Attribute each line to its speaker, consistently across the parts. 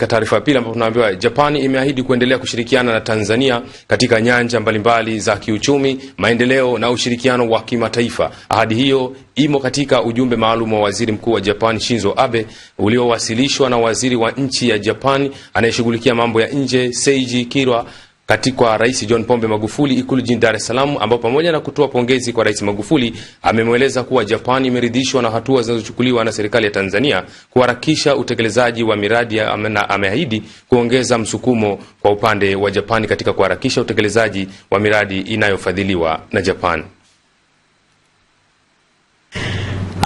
Speaker 1: katika taarifa ya pili ambapo tunaambiwa Japani imeahidi kuendelea kushirikiana na Tanzania katika nyanja mbalimbali za kiuchumi, maendeleo na ushirikiano wa kimataifa. Ahadi hiyo imo katika ujumbe maalum wa Waziri Mkuu wa Japani Shinzo Abe uliowasilishwa na waziri wa nchi ya Japani anayeshughulikia mambo ya nje Seiji Kirwa kwa Rais John Pombe Magufuli ikulu jini Dar es Salaam, ambapo pamoja na kutoa pongezi kwa Rais Magufuli amemweleza kuwa Japan imeridhishwa na hatua zinazochukuliwa na serikali ya Tanzania kuharakisha utekelezaji wa miradi na ameahidi kuongeza msukumo kwa upande wa Japan katika kuharakisha utekelezaji wa miradi inayofadhiliwa na Japan.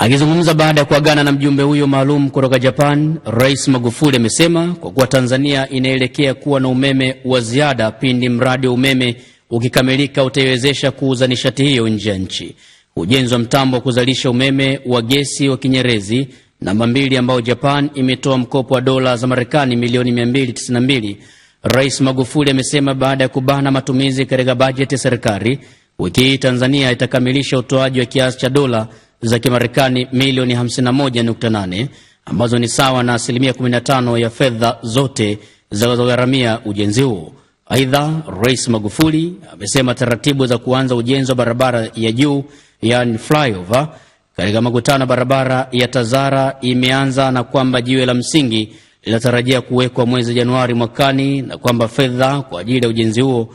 Speaker 2: Akizungumza baada ya kuagana na mjumbe huyo maalum kutoka Japan, Rais Magufuli amesema kwa kuwa Tanzania inaelekea kuwa na umeme wa ziada pindi mradi wa umeme ukikamilika utaiwezesha kuuza nishati hiyo nje ya nchi. Ujenzi wa mtambo wa kuzalisha umeme wa gesi wa Kinyerezi namba mbili ambao Japan imetoa mkopo wa dola za Marekani milioni 292. Rais Magufuli amesema baada ya kubana matumizi katika bajeti ya serikali, wiki hii Tanzania itakamilisha utoaji wa kiasi cha dola za Kimarekani milioni 51.8 ambazo ni sawa na asilimia 15 ya fedha zote zinazogharamia ujenzi huo. Aidha, Rais Magufuli amesema taratibu za kuanza ujenzi wa barabara ya juu yani flyover katika makutano barabara ya Tazara imeanza na kwamba jiwe la msingi linatarajia kuwekwa mwezi Januari mwakani na kwamba fedha kwa ajili ya ujenzi huo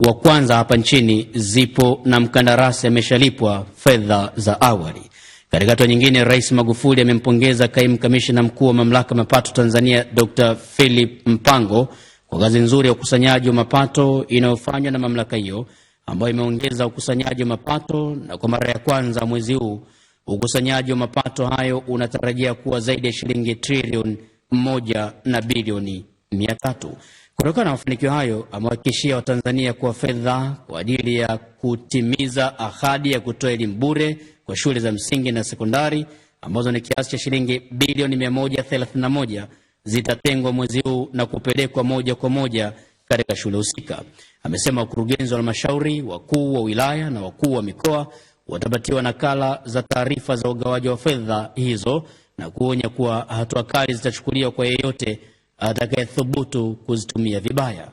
Speaker 2: wa kwanza hapa nchini zipo na mkandarasi ameshalipwa fedha za awali. Katika hatua nyingine, Rais Magufuli amempongeza kaimu kamishina mkuu wa mamlaka ya mapato Tanzania Dr. Philip Mpango kwa kazi nzuri ya ukusanyaji wa mapato inayofanywa na mamlaka hiyo ambayo imeongeza ukusanyaji wa mapato na kwa mara ya kwanza mwezi huu ukusanyaji wa mapato hayo unatarajia kuwa zaidi ya shilingi trilioni moja na bilioni mia tatu. Kutokana na mafanikio hayo, amewahakikishia Watanzania kuwa fedha kwa ajili ya kutimiza ahadi ya kutoa elimu bure kwa shule za msingi na sekondari ambazo ni kiasi cha shilingi bilioni 131 zitatengwa mwezi huu na kupelekwa moja kwa moja katika shule husika. Amesema wakurugenzi wa halmashauri, wakuu wa wilaya na wakuu wa mikoa watapatiwa nakala za taarifa za ugawaji wa fedha hizo na kuonya kuwa hatua kali zitachukuliwa kwa yeyote atakayethubutu kuzitumia vibaya.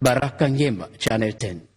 Speaker 2: Baraka Ngema, Channel 10.